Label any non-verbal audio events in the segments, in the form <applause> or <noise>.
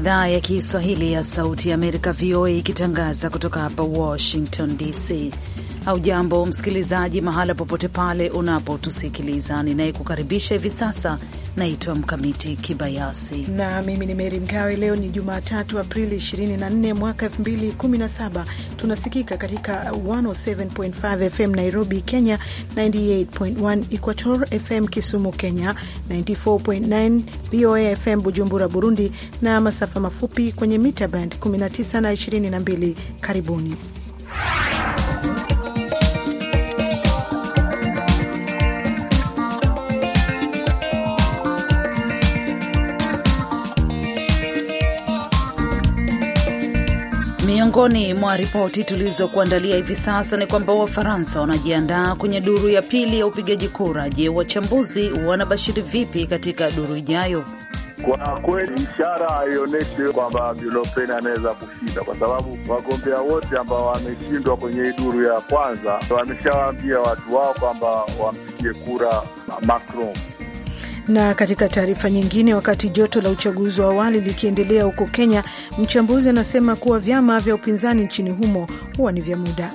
idhaa ya Kiswahili ya Sauti ya Amerika, VOA, ikitangaza kutoka hapa Washington DC. Haujambo msikilizaji, mahala popote pale unapotusikiliza. Ninayekukaribisha hivi sasa Naitwa Mkamiti Kibayasi na mimi ni Meri Mgawe. Leo ni Jumatatu, Aprili 24 mwaka 2017. Tunasikika katika 107.5 FM Nairobi, Kenya, 98.1 Equator FM Kisumu, Kenya, 94.9 VOA FM Bujumbura, Burundi, na masafa mafupi kwenye mita band 19 na 22. Karibuni. Miongoni mwa ripoti tulizokuandalia hivi sasa ni kwamba Wafaransa wanajiandaa kwenye duru ya pili ya upigaji kura. Je, wachambuzi wanabashiri vipi katika duru ijayo? Kwa kweli ishara haionyeshi kwamba lopen anaweza kushinda, kwa sababu wagombea wote ambao wameshindwa kwenye hii duru ya kwanza wameshawaambia watu wao kwamba wampigie kura Macron. Na katika taarifa nyingine, wakati joto la uchaguzi wa awali likiendelea huko Kenya, mchambuzi anasema kuwa vyama vya upinzani nchini humo huwa ni vya muda.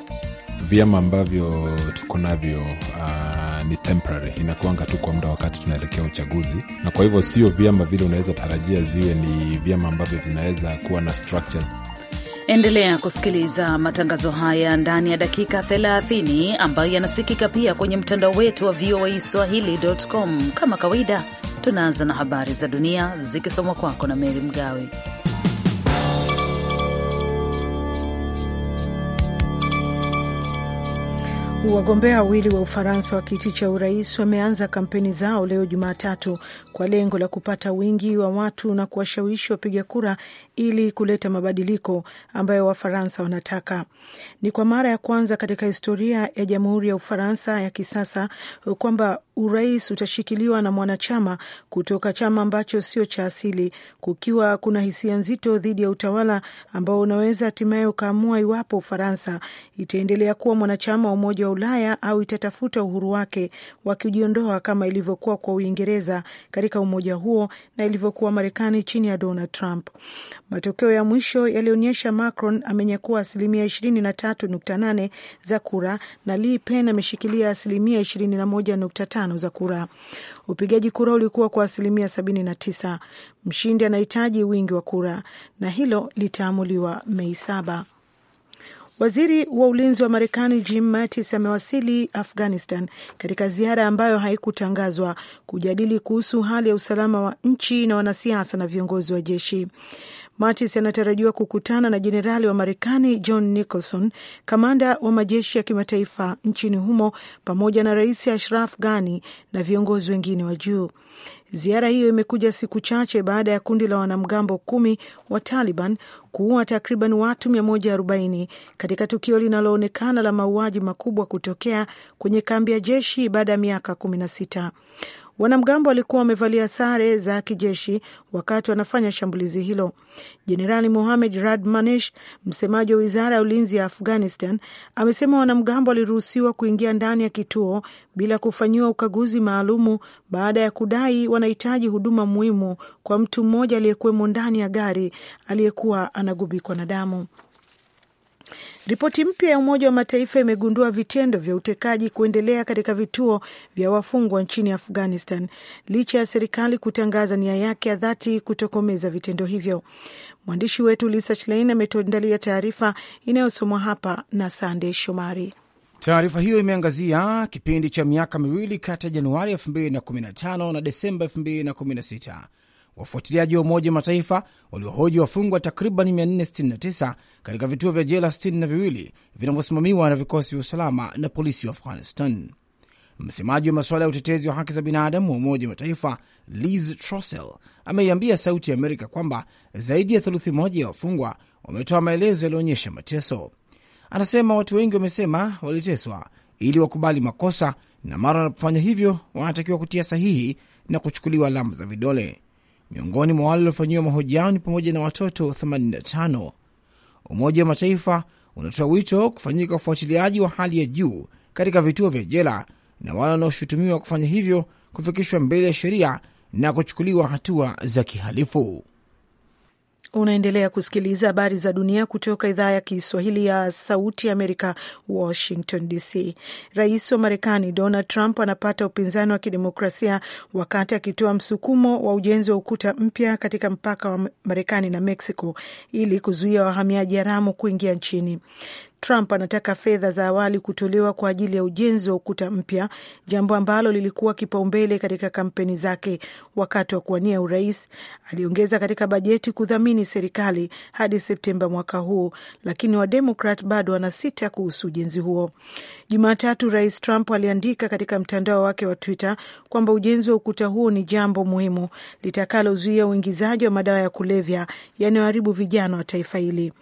Vyama ambavyo tuko navyo uh, ni temporary, inakuanga tu kwa muda wakati tunaelekea uchaguzi, na kwa hivyo sio vyama vile unaweza tarajia ziwe ni vyama ambavyo vinaweza kuwa na structure Endelea kusikiliza matangazo haya ndani ya dakika 30 ambayo yanasikika pia kwenye mtandao wetu wa VOA Swahili.com. Kama kawaida, tunaanza na habari za dunia zikisomwa kwako na Meri Mgawe. Wagombea wawili wa Ufaransa wa kiti cha urais wameanza kampeni zao leo Jumatatu kwa lengo la kupata wingi wa watu na kuwashawishi wapiga kura ili kuleta mabadiliko ambayo Wafaransa wanataka. Ni kwa mara ya kwanza katika historia ya Jamhuri ya Ufaransa ya kisasa kwamba urais utashikiliwa na mwanachama kutoka chama ambacho sio cha asili, kukiwa kuna hisia nzito dhidi ya utawala ambao unaweza hatimaye ukaamua iwapo Ufaransa itaendelea kuwa mwanachama wa Umoja wa Ulaya au itatafuta uhuru wake wakijiondoa kama ilivyokuwa kwa Uingereza katika umoja huo na ilivyokuwa Marekani chini ya Donald Trump. Matokeo ya mwisho yalionyesha Macron amenyakua asilimia 23.8 za kura na Le Pen ameshikilia asilimia 21.5 za kura. Upigaji kura ulikuwa kwa asilimia 79. Mshindi anahitaji wingi wa kura na hilo litaamuliwa Mei saba. Waziri wa ulinzi wa Marekani Jim Mattis amewasili Afghanistan katika ziara ambayo haikutangazwa kujadili kuhusu hali ya usalama wa nchi na wanasiasa na viongozi wa jeshi. Mattis anatarajiwa kukutana na jenerali wa Marekani John Nicholson, kamanda wa majeshi ya kimataifa nchini humo, pamoja na Rais Ashraf Ghani na viongozi wengine wa juu. Ziara hiyo imekuja siku chache baada ya kundi la wanamgambo kumi wa Taliban kuua takriban watu 140 katika tukio linaloonekana la mauaji makubwa kutokea kwenye kambi ya jeshi baada ya miaka 16. Wanamgambo walikuwa wamevalia sare za kijeshi wakati wanafanya shambulizi hilo. Jenerali Mohamed Rad Manish, msemaji wa wizara ya ulinzi ya Afghanistan, amesema wanamgambo waliruhusiwa kuingia ndani ya kituo bila kufanyiwa ukaguzi maalumu baada ya kudai wanahitaji huduma muhimu kwa mtu mmoja aliyekuwemo ndani ya gari aliyekuwa anagubikwa na damu. Ripoti mpya ya Umoja wa Mataifa imegundua vitendo vya utekaji kuendelea katika vituo vya wafungwa nchini Afghanistan licha ya serikali kutangaza nia yake ya dhati kutokomeza vitendo hivyo. Mwandishi wetu Lisa Schlein ametuandalia taarifa inayosomwa hapa na Sandey Shomari. Taarifa hiyo imeangazia kipindi cha miaka miwili kati ya Januari 2015 na Desemba 2016 Wafuatiliaji wa Umoja wa Mataifa waliohoji wafungwa takriban 469 katika vituo vya jela sitini viwili vinavyosimamiwa na vikosi vya usalama na polisi wa Afghanistan. Msemaji wa masuala ya utetezi wa haki za binadamu wa Umoja Mataifa Liz Trossel ameiambia Sauti ya Amerika kwamba zaidi ya theluthi moja ya wafungwa wametoa maelezo yaliyoonyesha mateso. Anasema watu wengi wamesema waliteswa ili wakubali makosa, na mara wanapofanya hivyo wanatakiwa kutia sahihi na kuchukuliwa alama za vidole. Miongoni mwa wale waliofanyiwa mahojiano ni pamoja na watoto 85. Umoja wa Mataifa unatoa wito kufanyika ufuatiliaji wa hali ya juu katika vituo vya jela na wale wanaoshutumiwa kufanya hivyo kufikishwa mbele ya sheria na kuchukuliwa hatua za kihalifu. Unaendelea kusikiliza habari za dunia kutoka idhaa ya Kiswahili ya Sauti Amerika, Washington DC. Rais wa Marekani Donald Trump anapata upinzani wa kidemokrasia wakati akitoa msukumo wa ujenzi wa ukuta mpya katika mpaka wa Marekani na Mexico ili kuzuia wahamiaji haramu kuingia nchini. Trump anataka fedha za awali kutolewa kwa ajili ya ujenzi wa ukuta mpya, jambo ambalo lilikuwa kipaumbele katika kampeni zake wakati wa kuwania urais. Aliongeza katika bajeti kudhamini serikali hadi Septemba mwaka huu, lakini Wademokrat bado wanasita kuhusu ujenzi huo. Jumatatu, Rais Trump aliandika katika mtandao wake wa Twitter kwamba ujenzi wa ukuta huo ni jambo muhimu litakalozuia uingizaji wa madawa ya kulevya yanayoharibu vijana wa taifa hili.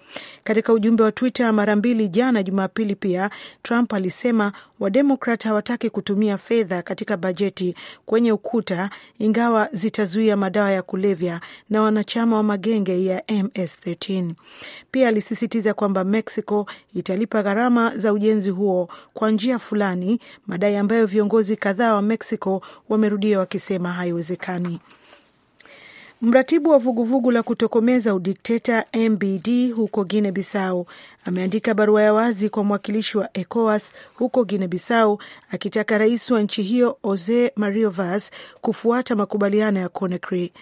Katika ujumbe wa Twitter mara mbili Jumapili jana Jumapili pia Trump alisema Wademokrat hawataki kutumia fedha katika bajeti kwenye ukuta, ingawa zitazuia madawa ya kulevya na wanachama wa magenge ya MS13. Pia alisisitiza kwamba Mexico italipa gharama za ujenzi huo kwa njia fulani, madai ambayo viongozi kadhaa wa Mexico wamerudia wakisema haiwezekani. Mratibu wa vuguvugu la kutokomeza udikteta MBD huko Guinea Bissau ameandika barua ya wazi kwa mwakilishi wa ECOWAS huko Guinea Bissau akitaka rais wa nchi hiyo Jose Mario Vaz kufuata makubaliano ya Conakry.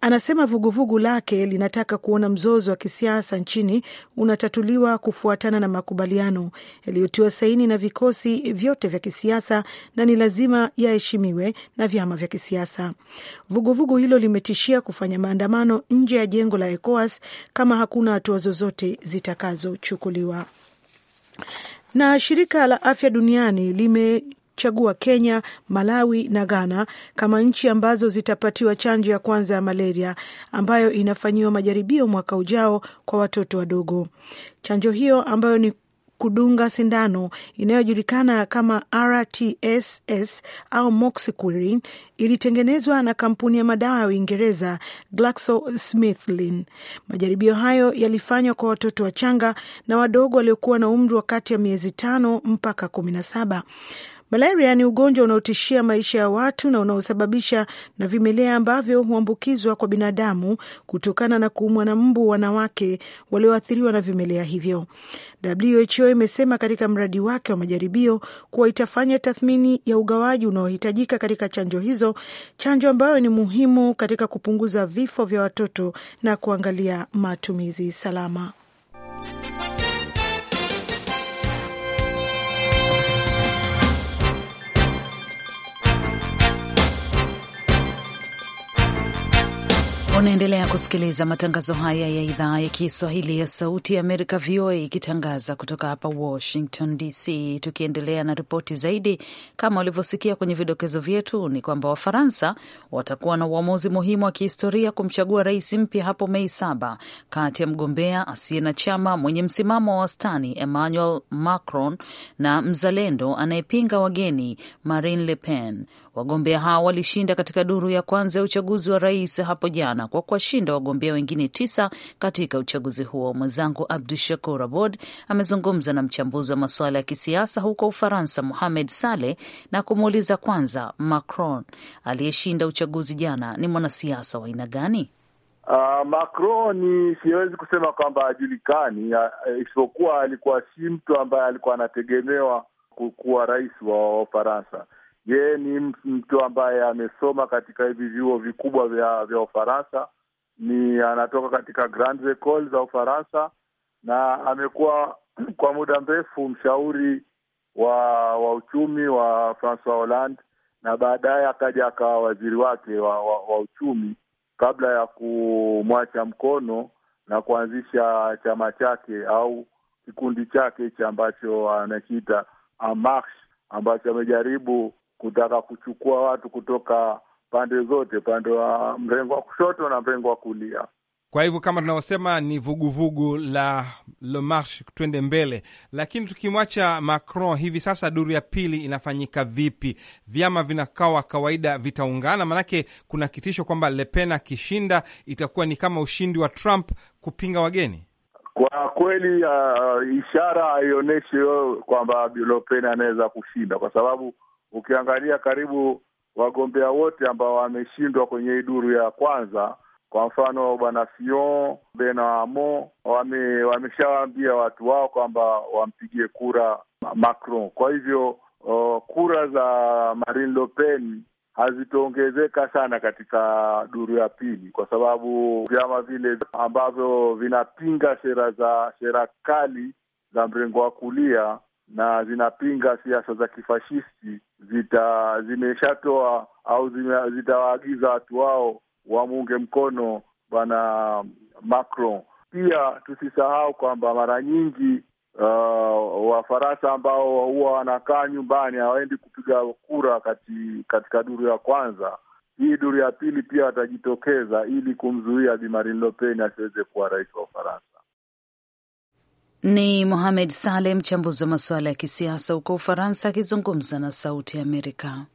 Anasema vuguvugu vugu lake linataka kuona mzozo wa kisiasa nchini unatatuliwa kufuatana na makubaliano yaliyotiwa saini na vikosi vyote vya kisiasa na ni lazima yaheshimiwe na vyama vya kisiasa. Vuguvugu vugu hilo limetishia kufanya maandamano nje ya jengo la ECOWAS kama hakuna hatua zozote zitakazochukua kuchukuliwa. Na shirika la afya duniani lime chagua Kenya, Malawi na Ghana kama nchi ambazo zitapatiwa chanjo ya kwanza ya malaria ambayo inafanyiwa majaribio mwaka ujao kwa watoto wadogo. Chanjo hiyo ambayo ni kudunga sindano inayojulikana kama RTSS au moxiquirin ilitengenezwa na kampuni ya madawa ya Uingereza GlaxoSmithKline. Majaribio hayo yalifanywa kwa watoto wachanga na wadogo waliokuwa na umri wa kati ya miezi tano mpaka kumi na saba. Malaria ni ugonjwa unaotishia maisha ya watu na unaosababisha na vimelea ambavyo huambukizwa kwa binadamu kutokana na kuumwa na mbu wanawake walioathiriwa na vimelea hivyo. WHO imesema katika mradi wake wa majaribio kuwa itafanya tathmini ya ugawaji unaohitajika katika chanjo hizo, chanjo ambayo ni muhimu katika kupunguza vifo vya watoto na kuangalia matumizi salama. Unaendelea kusikiliza matangazo haya ya idhaa ya Kiswahili ya Sauti ya Amerika, VOA, ikitangaza kutoka hapa Washington DC. Tukiendelea na ripoti zaidi, kama ulivyosikia kwenye vidokezo vyetu, ni kwamba Wafaransa watakuwa na uamuzi muhimu wa kihistoria kumchagua rais mpya hapo Mei saba kati ya mgombea asiye na chama mwenye msimamo wa wastani Emmanuel Macron na mzalendo anayepinga wageni Marine Le Pen. Wagombea hao walishinda katika duru ya kwanza ya uchaguzi wa rais hapo jana kwa kuwashinda wagombea wengine tisa katika uchaguzi huo. Mwenzangu Abdu Shakur Abod amezungumza na mchambuzi wa masuala ya kisiasa huko Ufaransa, muhamed Saleh, na kumuuliza kwanza, Macron aliyeshinda uchaguzi jana ni mwanasiasa wa aina gani? Uh, Macron siwezi kusema kwamba ajulikani isipokuwa alikuwa si mtu ambaye alikuwa anategemewa kuwa rais wa Ufaransa yeye ni mtu ambaye amesoma katika hivi vyuo vikubwa vya vya Ufaransa? Ni anatoka katika grandes ecoles za Ufaransa na amekuwa <clears throat> kwa muda mrefu mshauri wa wa uchumi wa Francois Hollande na baadaye akaja akawa waziri wake wa, wa, wa uchumi kabla ya kumwacha mkono na kuanzisha chama chake au kikundi chake hichi ambacho anakiita Amarsh ambacho amejaribu kutaka kuchukua watu kutoka pande zote, pande wa mrengo wa kushoto na mrengo wa kulia. Kwa hivyo kama tunavyosema ni vuguvugu vugu la Le Marche, twende mbele. Lakini tukimwacha Macron hivi sasa, duru ya pili inafanyika vipi? Vyama vinakawa kawaida vitaungana? Maanake kuna kitisho kwamba Le Pen akishinda itakuwa ni kama ushindi wa Trump kupinga wageni. Kwa kweli, uh, ishara haionyeshi kwamba Le Pen anaweza kushinda kwa sababu ukiangalia karibu wagombea wote ambao wameshindwa kwenye hii duru ya kwanza, kwa mfano bwana fion Benamo wame, wameshawaambia watu wao kwamba wampigie kura Macron. Kwa hivyo uh, kura za Marine Le Pen hazitoongezeka sana katika duru ya pili, kwa sababu vyama vile ambavyo vinapinga sera za sera kali za mrengo wa kulia na zinapinga siasa za kifashisti zita zimeshatoa au zitawaagiza watu wao wamuunge mkono bwana Macron. Pia tusisahau kwamba mara nyingi uh, Wafaransa ambao huwa wanakaa nyumbani hawaendi kupiga kura kati, katika duru ya kwanza hii duru ya pili pia watajitokeza ili kumzuia Bi Marine Le Pen asiweze kuwa rais wa Ufaransa. Ni Mohamed Saleh, mchambuzi wa masuala ya kisiasa huko Ufaransa, akizungumza na Sauti ya Amerika.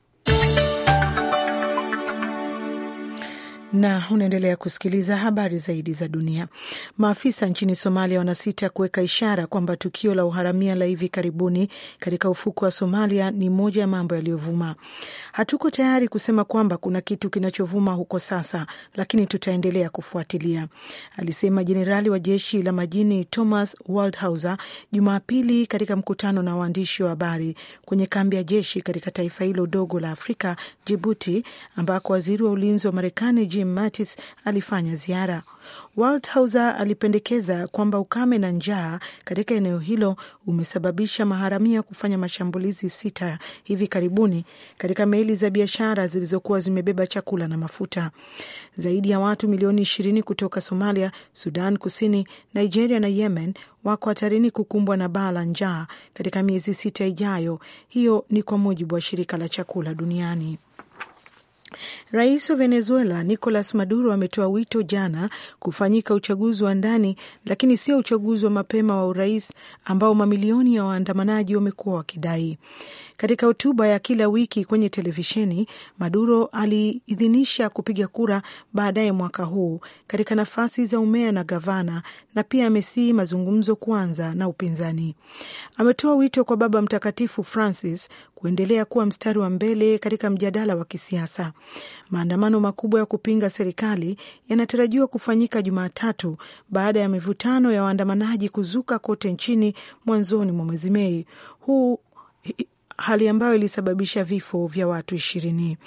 na unaendelea kusikiliza habari zaidi za dunia. Maafisa nchini Somalia wanasita kuweka ishara kwamba tukio la uharamia la hivi karibuni katika ufuko wa Somalia ni moja ya mambo yaliyovuma. Hatuko tayari kusema kwamba kuna kitu kinachovuma huko sasa, lakini tutaendelea kufuatilia, alisema jenerali wa jeshi la majini Thomas Waldhauser Jumapili katika mkutano na waandishi wa habari kwenye kambi ya jeshi katika taifa hilo dogo la Afrika, Jibuti, ambako waziri wa ulinzi wa Marekani Jim Mattis alifanya ziara. Waldhauser alipendekeza kwamba ukame na njaa katika eneo hilo umesababisha maharamia kufanya mashambulizi sita hivi karibuni katika meli za biashara zilizokuwa zimebeba chakula na mafuta. Zaidi ya watu milioni ishirini kutoka Somalia, Sudan Kusini, Nigeria na Yemen wako hatarini kukumbwa na baa la njaa katika miezi sita ijayo. Hiyo ni kwa mujibu wa shirika la chakula duniani. Rais wa Venezuela Nicolas Maduro ametoa wito jana kufanyika uchaguzi wa ndani, lakini sio uchaguzi wa mapema wa urais ambao mamilioni ya waandamanaji wamekuwa wakidai. Katika hotuba ya kila wiki kwenye televisheni, Maduro aliidhinisha kupiga kura baadaye mwaka huu katika nafasi za umea na gavana, na pia amesihi mazungumzo kuanza na upinzani. Ametoa wito kwa Baba Mtakatifu Francis kuendelea kuwa mstari wa mbele katika mjadala wa kisiasa. Maandamano makubwa ya kupinga serikali yanatarajiwa kufanyika Jumatatu baada ya mivutano ya waandamanaji kuzuka kote nchini mwanzoni mwa mwezi Mei huu hali ambayo ilisababisha vifo vya watu ishirini.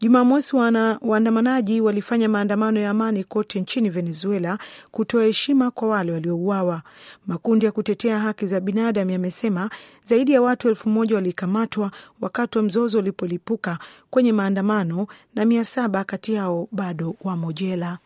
Jumamosi, waandamanaji walifanya maandamano ya amani kote nchini Venezuela kutoa heshima kwa wale waliouawa. Makundi ya kutetea haki za binadamu yamesema zaidi ya watu elfu moja walikamatwa wakati wa mzozo ulipolipuka kwenye maandamano na mia saba kati yao bado wamo jela.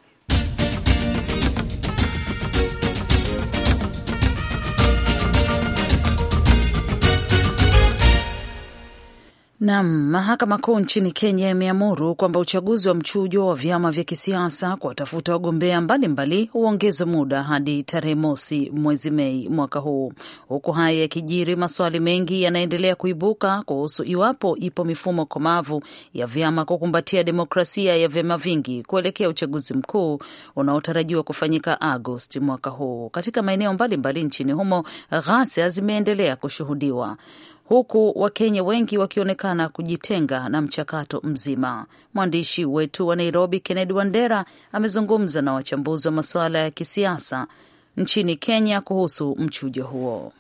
Nam, mahakama kuu nchini Kenya imeamuru kwamba uchaguzi wa mchujo wa vyama vya kisiasa kuwatafuta wagombea mbalimbali huongezwe muda hadi tarehe mosi mwezi Mei mwaka huu. Huku haya yakijiri, maswali mengi yanaendelea kuibuka kuhusu iwapo ipo mifumo komavu ya vyama kukumbatia demokrasia ya vyama vingi kuelekea uchaguzi mkuu unaotarajiwa kufanyika Agosti mwaka huu. Katika maeneo mbalimbali nchini humo, ghasia zimeendelea kushuhudiwa huku Wakenya wengi wakionekana kujitenga na mchakato mzima. Mwandishi wetu wa Nairobi, Kennedy Wandera, amezungumza na wachambuzi wa masuala ya kisiasa nchini Kenya kuhusu mchujo huo.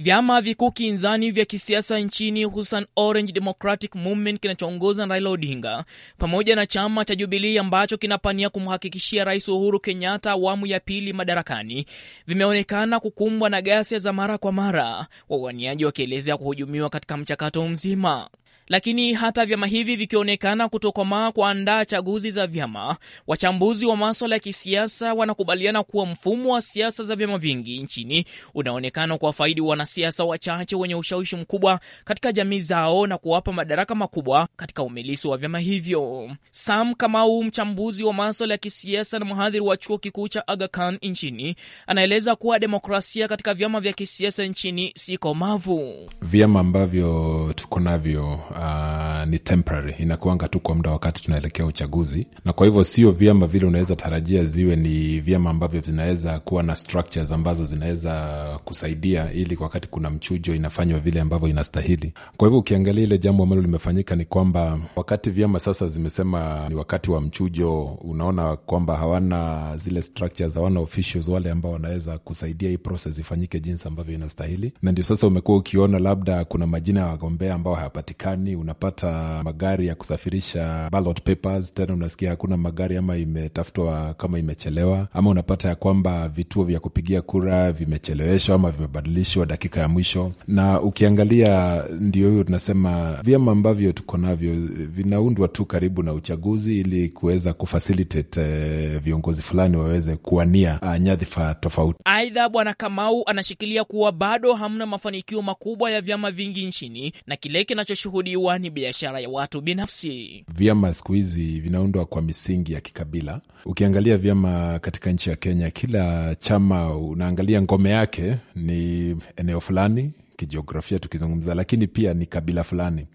Vyama vikuu kinzani vya kisiasa nchini hususan Orange Democratic Movement kinachoongoza na Raila Odinga pamoja na chama cha jubilii ambacho kinapania kumhakikishia Rais Uhuru Kenyatta awamu ya pili madarakani vimeonekana kukumbwa na ghasia za mara kwa mara, wawaniaji wakielezea kuhujumiwa katika mchakato mzima. Lakini hata vyama hivi vikionekana kutokomaa kuandaa chaguzi za vyama, wachambuzi wa maswala ya kisiasa wanakubaliana kuwa mfumo wa siasa za vyama vingi nchini unaonekana kuwafaidi wanasiasa wachache wenye ushawishi mkubwa katika jamii zao na kuwapa madaraka makubwa katika umilisi wa vyama hivyo. Sam Kamau, mchambuzi wa maswala ya kisiasa na mhadhiri wa chuo kikuu cha Aga Khan nchini, anaeleza kuwa demokrasia katika vyama vya kisiasa nchini si komavu. Vyama ambavyo tuko navyo uh, ni temporary, inakuanga tu kwa muda wakati tunaelekea uchaguzi, na kwa hivyo sio vyama vile unaweza tarajia ziwe ni vyama ambavyo vinaweza kuwa na structures ambazo zinaweza kusaidia ili wakati kuna mchujo inafanywa vile ambavyo inastahili. Kwa hivyo ukiangalia ile jambo ambalo limefanyika ni kwamba wakati vyama sasa zimesema ni wakati wa mchujo, unaona kwamba hawana zile structures, hawana officials wale ambao wanaweza kusaidia hii process ifanyike jinsi ambavyo inastahili, na ndio sasa umekuwa ukiona labda kuna majina ya wagombea ambao hayapatikani fulani unapata magari ya kusafirisha ballot papers, tena unasikia hakuna magari ama imetafutwa kama imechelewa, ama unapata ya kwamba vituo vya kupigia kura vimecheleweshwa ama vimebadilishwa dakika ya mwisho. Na ukiangalia, ndio hiyo tunasema vyama ambavyo tuko navyo vinaundwa tu karibu na uchaguzi ili kuweza kufacilitate eh, viongozi fulani waweze kuwania ah, nyadhifa tofauti. Aidha, Bwana Kamau anashikilia kuwa bado hamna mafanikio makubwa ya vyama vingi nchini na kile kinachoshuhudia kuchukuliwa ni biashara ya watu binafsi. Vyama siku hizi vinaundwa kwa misingi ya kikabila. Ukiangalia vyama katika nchi ya Kenya, kila chama unaangalia ngome yake ni eneo fulani kijiografia tukizungumza, lakini pia ni kabila fulani.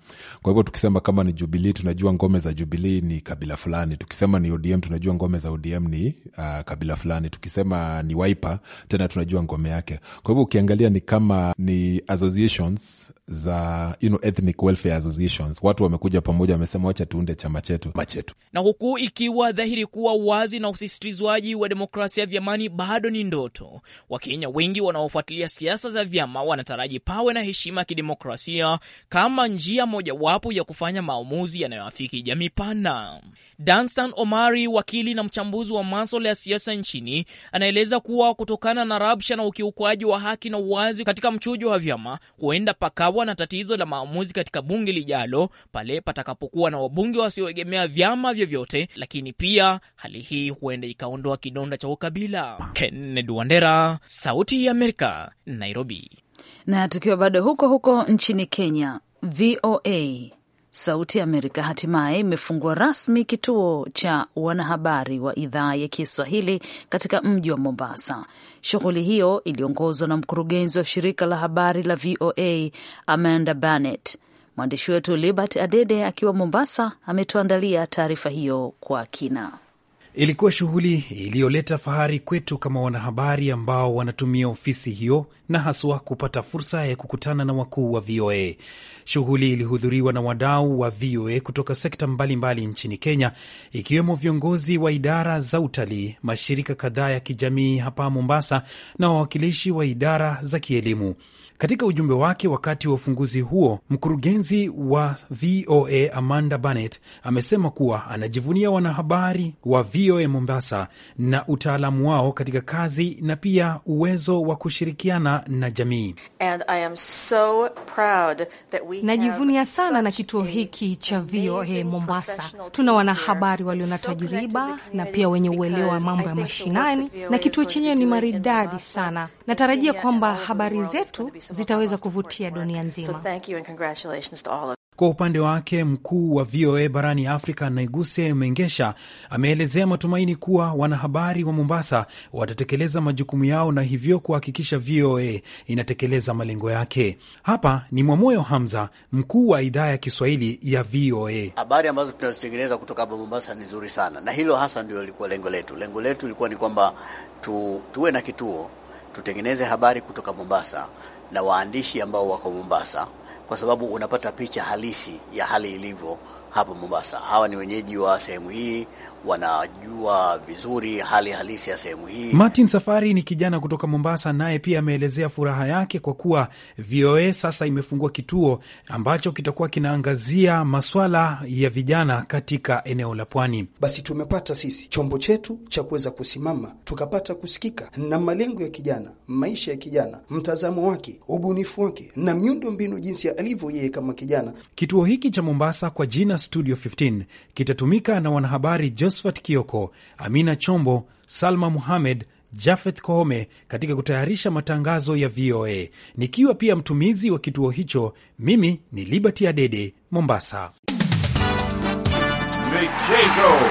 Kwa hivyo tukisema kama ni Jubilii, tunajua ngome za Jubilii ni kabila fulani. Tukisema ni ODM, tunajua ngome za ODM ni uh, kabila fulani. Tukisema ni Wiper, tena tunajua ngome yake. Kwa hivyo ukiangalia ni kama ni associations za you know, ethnic welfare associations. Watu wamekuja pamoja, wamesema wacha tuunde chama chetu machetu, na huku ikiwa dhahiri kuwa wazi na usisitizwaji wa demokrasia vyamani bado ni ndoto. Wakenya wengi wanaofuatilia siasa za vyama wanataraji pa pawe na heshima ya kidemokrasia kama njia mojawapo ya kufanya maamuzi yanayoafiki jamii pana. Dansan Omari, wakili na mchambuzi wa maswala ya siasa nchini, anaeleza kuwa kutokana na rabsha na ukiukwaji wa haki na uwazi katika mchujo wa vyama, huenda pakawa na tatizo la maamuzi katika bunge lijalo pale patakapokuwa na wabunge wasioegemea vyama vyovyote, lakini pia hali hii huenda ikaondoa kidonda cha ukabila. Kennedy Wandera, Sauti ya Amerika, Nairobi. Na tukiwa bado huko huko nchini Kenya, VOA Sauti ya Amerika hatimaye imefungua rasmi kituo cha wanahabari wa idhaa ya Kiswahili katika mji wa Mombasa. Shughuli hiyo iliongozwa na mkurugenzi wa shirika la habari la VOA Amanda Bennett. Mwandishi wetu Libert Adede akiwa Mombasa ametuandalia taarifa hiyo kwa kina. Ilikuwa shughuli iliyoleta fahari kwetu kama wanahabari ambao wanatumia ofisi hiyo na haswa kupata fursa ya kukutana na wakuu wa VOA. Shughuli ilihudhuriwa na wadau wa VOA kutoka sekta mbalimbali mbali nchini Kenya, ikiwemo viongozi wa idara za utalii, mashirika kadhaa ya kijamii hapa Mombasa na wawakilishi wa idara za kielimu. Katika ujumbe wake wakati wa ufunguzi huo, mkurugenzi wa VOA Amanda Barnett amesema kuwa anajivunia wanahabari wa VOA Mombasa na utaalamu wao katika kazi na pia uwezo wa kushirikiana na jamii. So najivunia sana na kituo hiki cha VOA Mombasa. Tuna wanahabari walio na tajriba na pia wenye uelewa wa mambo ya mashinani, na kituo chenyewe ni maridadi sana. Natarajia kwamba habari zetu zitaweza kuvutia dunia nzima. kwa upande wake mkuu wa VOA barani Afrika Naiguse Mengesha ameelezea matumaini kuwa wanahabari wa Mombasa watatekeleza majukumu yao na hivyo kuhakikisha VOA inatekeleza malengo yake. Hapa ni Mwamoyo Hamza, mkuu wa idhaa ya Kiswahili ya VOA. Habari ambazo tunazitekeleza kutoka hapa Mombasa ni nzuri sana, na hilo hasa ndio ilikuwa lengo letu. Lengo letu ilikuwa ni kwamba tu, tuwe na kituo tutengeneze habari kutoka Mombasa na waandishi ambao wako Mombasa, kwa sababu unapata picha halisi ya hali ilivyo hapa Mombasa. Hawa ni wenyeji wa sehemu hii, wanajua vizuri hali halisi ya sehemu hii. Martin Safari ni kijana kutoka Mombasa, naye pia ameelezea furaha yake kwa kuwa VOA sasa imefungua kituo ambacho kitakuwa kinaangazia maswala ya vijana katika eneo la pwani. Basi tumepata sisi chombo chetu cha kuweza kusimama, tukapata kusikika na malengo ya kijana, maisha ya kijana, mtazamo wake, ubunifu wake na miundo mbinu, jinsi alivyo yeye kama kijana. Kituo hiki cha Mombasa kwa jina Studio 15 kitatumika na wanahabari Joseph Josphat Kioko, Amina Chombo, Salma Muhamed, Jafeth Kohome katika kutayarisha matangazo ya VOA. Nikiwa pia mtumizi wa kituo hicho, mimi ni Liberty Adede, Mombasa. Michezo.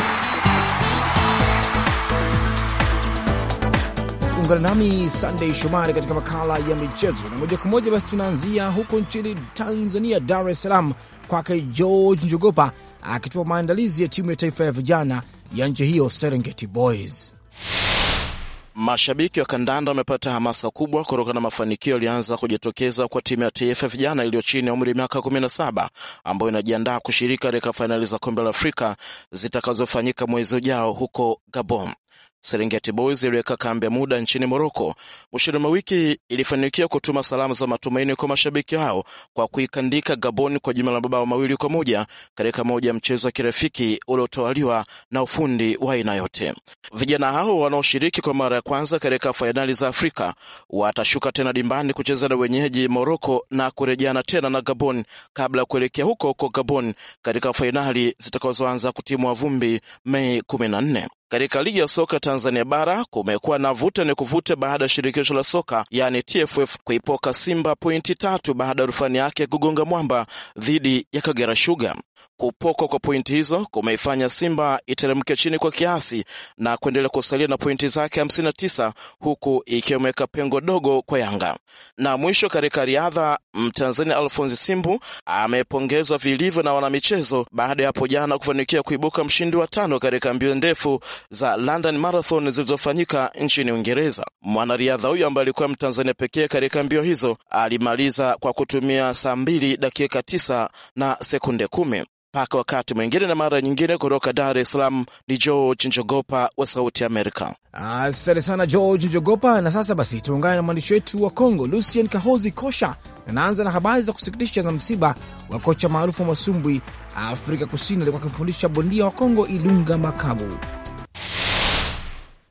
Ungana nami Sunday Shomari katika makala ya michezo, na moja kwa moja basi tunaanzia huko nchini Tanzania, Dar es Salaam, kwake George Njogopa akitoa maandalizi ya timu ya taifa ya vijana ya nchi hiyo, Serengeti Boys. Mashabiki wa kandanda wamepata hamasa kubwa kutokana na mafanikio yaliyoanza kujitokeza kwa timu ya taifa vijana iliyo chini ya umri wa miaka 17 ambayo inajiandaa kushiriki katika fainali za kombe la Afrika zitakazofanyika mwezi ujao huko Gabon. Serengeti Boys iliweka kambi ya muda nchini Moroko mwishoni mwa wiki, ilifanikiwa kutuma salamu za matumaini kwa mashabiki hao kwa kuikandika Gaboni kwa jumla la mabao mawili kwa moja katika moja ya mchezo wa kirafiki uliotawaliwa na ufundi wa aina yote. Vijana hao wanaoshiriki kwa mara ya kwanza katika fainali za Afrika watashuka tena dimbani kucheza na wenyeji Moroko na kurejeana tena na Gabon kabla ya kuelekea huko huko Gabon katika fainali zitakazoanza kutimwa vumbi Mei nne. Katika ligi ya soka Tanzania bara kumekuwa na vuta ni kuvute baada ya shirikisho la soka yani TFF kuipoka Simba pointi tatu baada ya rufani yake kugonga mwamba dhidi ya Kagera Sugar. Kupokwa kwa pointi hizo kumeifanya Simba iteremke chini kwa kiasi na kuendelea kusalia na pointi zake 59 huku imeweka pengo dogo kwa Yanga. Na mwisho katika riadha, Mtanzania Alfonsi Simbu amepongezwa vilivyo na wanamichezo baada ya hapo jana kufanikia kuibuka mshindi wa tano katika mbio ndefu za London Marathon zilizofanyika nchini Uingereza. Mwanariadha huyo ambaye alikuwa Mtanzania pekee katika mbio hizo alimaliza kwa kutumia saa mbili dakika tisa na sekunde kumi mpaka wakati mwingine na mara nyingine. Kutoka Dar es Salaam ni George Njogopa wa Sauti ya Amerika. Asante sana George Njogopa. Na sasa basi tuungane na mwandishi wetu wa Kongo, Lucien Kahozi Kosha, anaanza naanza na habari za kusikitisha za msiba wa kocha maarufu wa masumbwi Afrika Kusini alikuwa akimfundisha bondia wa Kongo, Ilunga Makabu.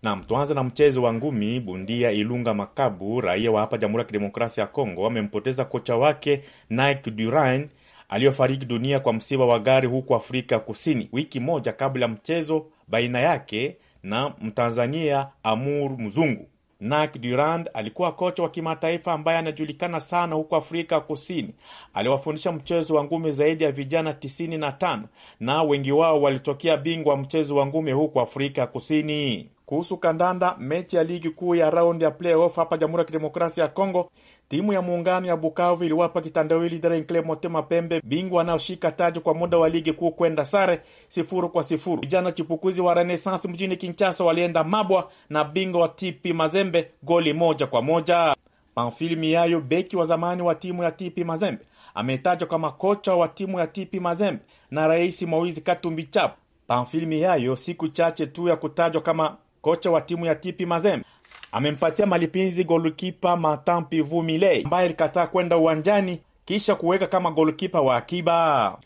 Nam, tuanze na mchezo wa ngumi. Bondia Ilunga Makabu, raia wa hapa Jamhuri ya Kidemokrasia ya Kongo, amempoteza kocha wake Nike Duran aliyofariki dunia kwa msiba wa gari huko Afrika Kusini wiki moja kabla ya mchezo baina yake na Mtanzania Amur Mzungu. Nak Durand alikuwa kocha wa kimataifa ambaye anajulikana sana huko Afrika Kusini. Aliwafundisha mchezo wa ngumi zaidi ya vijana 95 na wengi wao walitokea bingwa mchezo wa ngumi huko Afrika Kusini. Kuhusu kandanda, mechi ya ligi kuu ya raundi ya playoff hapa Jamhuri ya Kidemokrasia ya Kongo, timu ya muungano ya Bukavu iliwapa kitandawili Daring Motema Pembe, bingwa anayoshika taji kwa muda wa ligi kuu, kwenda sare sifuru kwa sifuru. Vijana chipukuzi wa Renaissance mjini Kinshasa walienda mabwa na bingwa wa TP Mazembe goli moja kwa moja. Pamphile Miayo, beki wa zamani wa timu ya TP Mazembe, ametajwa kama kocha wa timu ya TP Mazembe na Rais Moizi Katumbi Chap. Miayo siku chache tu ya kutajwa kama kocha wa timu ya TP Mazembe amempatia malipinzi golikipa Martin Pivu Milei ambaye alikataa kwenda uwanjani kisha kuweka kama golikipa wa akiba.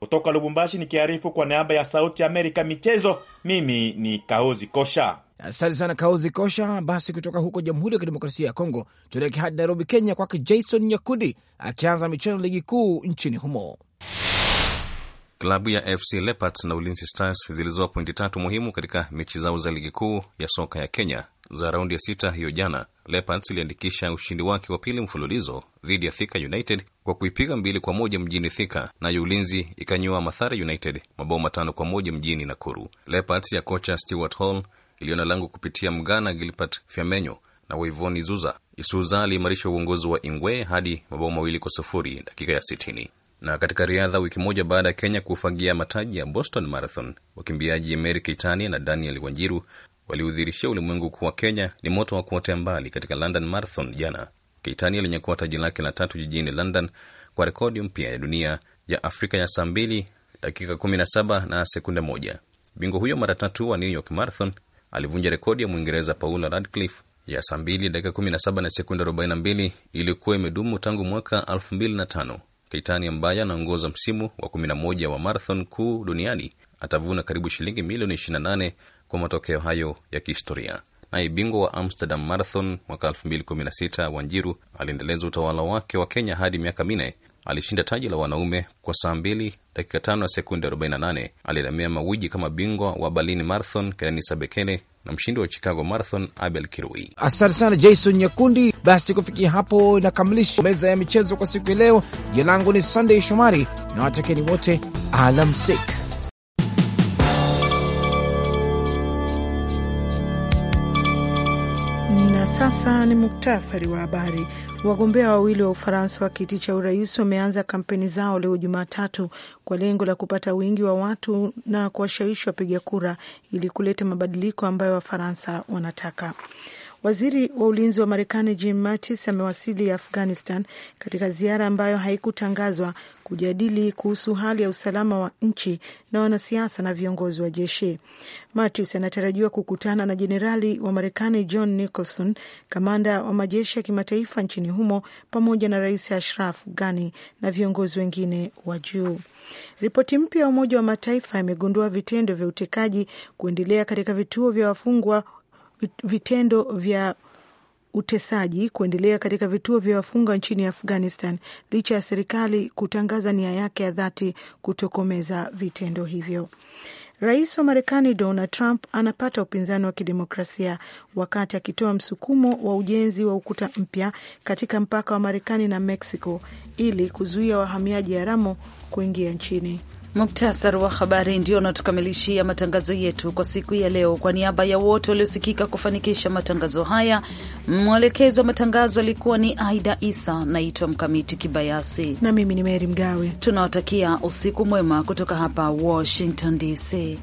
Kutoka Lubumbashi nikiarifu kwa niaba ya Sauti ya Amerika michezo, mimi ni Kaozi Kosha. Asante sana Kaozi Kosha. Basi kutoka huko Jamhuri ya Kidemokrasia ya Kongo tuelekea hadi Nairobi, Kenya, kwake Jason Nyakundi akianza michezo ligi kuu nchini humo. Klabu ya FC Leopards na Ulinzi Stars zilizoa pointi tatu muhimu katika mechi zao za ligi kuu ya soka ya Kenya za raundi ya sita hiyo jana. Leopards iliandikisha ushindi wake wa pili mfululizo dhidi ya Thika United kwa kuipiga mbili kwa moja mjini Thika, nayo Ulinzi ikanyoa Mathare United mabao matano kwa moja mjini Nakuru. Leopards ya kocha Stewart Hall iliona lango kupitia Mgana Gilbert Fyamenyo na Waivoni Zuza. Isuza aliimarisha uongozi wa Ingwe hadi mabao mawili kwa sufuri dakika ya sitini. Na katika riadha, wiki moja baada ya Kenya kufagia mataji ya Boston Marathon, wakimbiaji Mary Keitany na Daniel Wanjiru waliudhirishia ulimwengu kuwa Kenya ni moto wa kuotea mbali katika London Marathon jana. Keitany alinyakua taji lake la tatu jijini London kwa rekodi mpya ya dunia ya Afrika ya saa mbili dakika kumi na saba na sekunde moja. Bingwa huyo mara tatu wa New York Marathon alivunja rekodi ya Mwingereza Paula Radcliffe ya saa mbili dakika kumi na saba na sekunde arobaini na mbili iliyokuwa imedumu tangu mwaka elfu mbili na tano. Keitani ambaye anaongoza msimu wa 11 wa marathon kuu duniani atavuna karibu shilingi milioni 28 kwa matokeo hayo ya kihistoria. Naye bingwa wa Amsterdam Marathon mwaka 2016 Wanjiru aliendeleza utawala wake wa Kenya hadi miaka minne. Alishinda taji la wanaume kwa saa 2 dakika 5 sekunde 48. Alilamia mawiji kama bingwa wa Berlin Marathon Kenenisa Bekele na mshindi wa Chicago Marathon Abel Kirui. Asante sana Jason Nyakundi. Basi kufikia hapo inakamilisha meza ya michezo kwa siku ya leo. Jina langu ni Sunday Shomari na watakeni wote alamsik. sasa ni muktasari wa habari. Wagombea wawili wa Ufaransa wa kiti cha urais wameanza kampeni zao leo Jumatatu kwa lengo la kupata wingi wa watu na kuwashawishi wapiga kura ili kuleta mabadiliko ambayo Wafaransa wanataka. Waziri wa ulinzi wa Marekani Jim Mattis amewasili Afghanistan katika ziara ambayo haikutangazwa kujadili kuhusu hali ya usalama wa nchi na wanasiasa na viongozi wa jeshi. Mattis anatarajiwa kukutana na jenerali wa Marekani John Nicholson, kamanda wa majeshi ya kimataifa nchini humo, pamoja na Rais Ashraf Ghani na viongozi wengine wa juu. Ripoti mpya ya Umoja wa Mataifa imegundua vitendo vya utekaji kuendelea katika vituo vya wafungwa vitendo vya utesaji kuendelea katika vituo vya wafunga nchini Afghanistan licha ya serikali kutangaza nia yake ya dhati kutokomeza vitendo hivyo. Rais wa Marekani Donald Trump anapata upinzani wa kidemokrasia wakati akitoa msukumo wa ujenzi wa ukuta mpya katika mpaka wa Marekani na Mexico ili kuzuia wahamiaji haramu kuingia nchini. Muktasari wa habari ndio unatukamilishia matangazo yetu kwa siku ya leo. Kwa niaba ya wote waliosikika kufanikisha matangazo haya, mwelekezi wa matangazo alikuwa ni Aida Isa. Naitwa Mkamiti Kibayasi na mimi ni Meri Mgawe. Tunawatakia usiku mwema kutoka hapa Washington DC.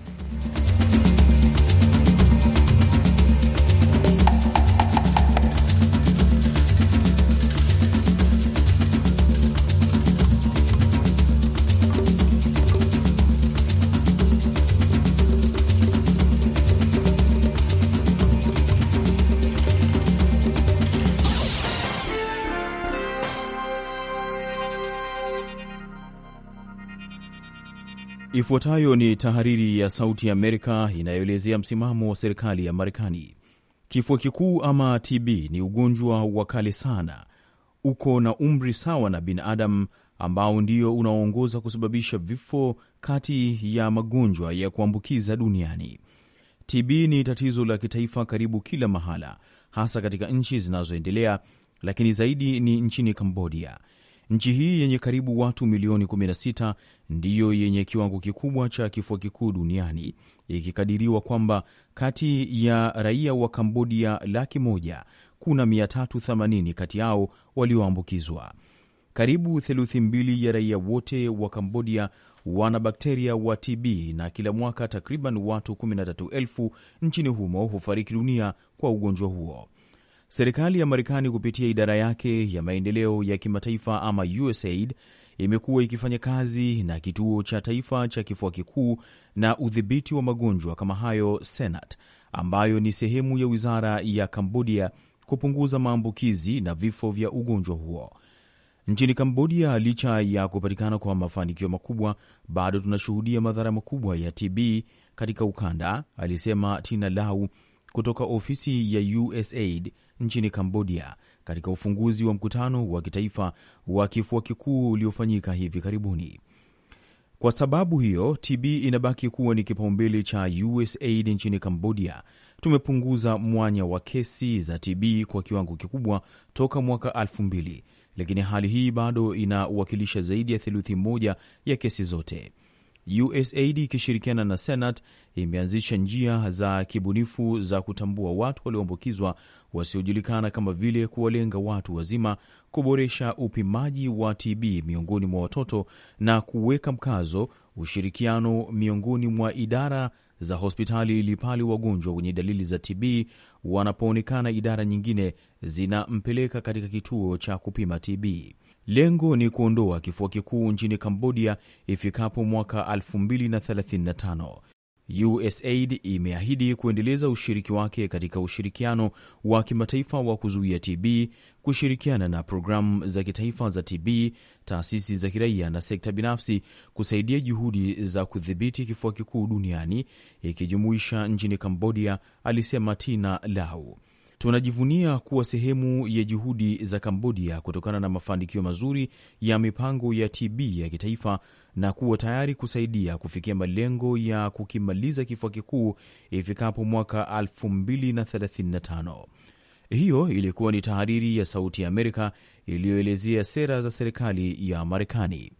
Ifuatayo ni tahariri ya Sauti ya Amerika inayoelezea msimamo wa serikali ya Marekani. Kifua kikuu ama TB ni ugonjwa wa kale sana, uko na umri sawa na binadamu, ambao ndio unaoongoza kusababisha vifo kati ya magonjwa ya kuambukiza duniani. TB ni tatizo la kitaifa karibu kila mahala, hasa katika nchi zinazoendelea, lakini zaidi ni nchini Kambodia Nchi hii yenye karibu watu milioni 16 ndiyo yenye kiwango kikubwa cha kifua kikuu duniani, ikikadiriwa kwamba kati ya raia wa Kambodia laki moja kuna 380 kati yao walioambukizwa. Karibu theluthi mbili ya raia wote wa Kambodia wana bakteria wa TB na kila mwaka takriban watu 13,000 nchini humo hufariki dunia kwa ugonjwa huo. Serikali ya Marekani kupitia idara yake ya maendeleo ya kimataifa ama USAID imekuwa ikifanya kazi na kituo cha taifa cha kifua kikuu na udhibiti wa magonjwa kama hayo SENAT, ambayo ni sehemu ya wizara ya Kambodia kupunguza maambukizi na vifo vya ugonjwa huo nchini Kambodia. Licha ya kupatikana kwa mafanikio makubwa, bado tunashuhudia madhara makubwa ya TB katika ukanda, alisema Tina Lau kutoka ofisi ya USAID nchini Kambodia katika ufunguzi wa mkutano wa kitaifa wa kifua kikuu uliofanyika hivi karibuni. Kwa sababu hiyo, TB inabaki kuwa ni kipaumbele cha USAID nchini Kambodia. Tumepunguza mwanya wa kesi za TB kwa kiwango kikubwa toka mwaka 2000 lakini hali hii bado inawakilisha zaidi ya theluthi moja ya kesi zote. USAID ikishirikiana na Senate imeanzisha njia za kibunifu za kutambua watu walioambukizwa wasiojulikana kama vile kuwalenga watu wazima, kuboresha upimaji wa TB miongoni mwa watoto na kuweka mkazo ushirikiano miongoni mwa idara za hospitali ili pale wagonjwa wenye dalili za TB wanapoonekana, idara nyingine zinampeleka katika kituo cha kupima TB. Lengo ni kuondoa kifua kikuu nchini Kambodia ifikapo mwaka 2035. USAID imeahidi kuendeleza ushiriki wake katika ushirikiano wa kimataifa wa kuzuia TB, kushirikiana na programu za kitaifa za TB, taasisi za kiraia na sekta binafsi kusaidia juhudi za kudhibiti kifua kikuu duniani, ikijumuisha nchini Kambodia, alisema Tina Lau. Tunajivunia kuwa sehemu ya juhudi za Kambodia kutokana na mafanikio mazuri ya mipango ya TB ya kitaifa na kuwa tayari kusaidia kufikia malengo ya kukimaliza kifua kikuu ifikapo mwaka 2035. Hiyo ilikuwa ni tahariri ya Sauti ya Amerika iliyoelezea sera za serikali ya Marekani.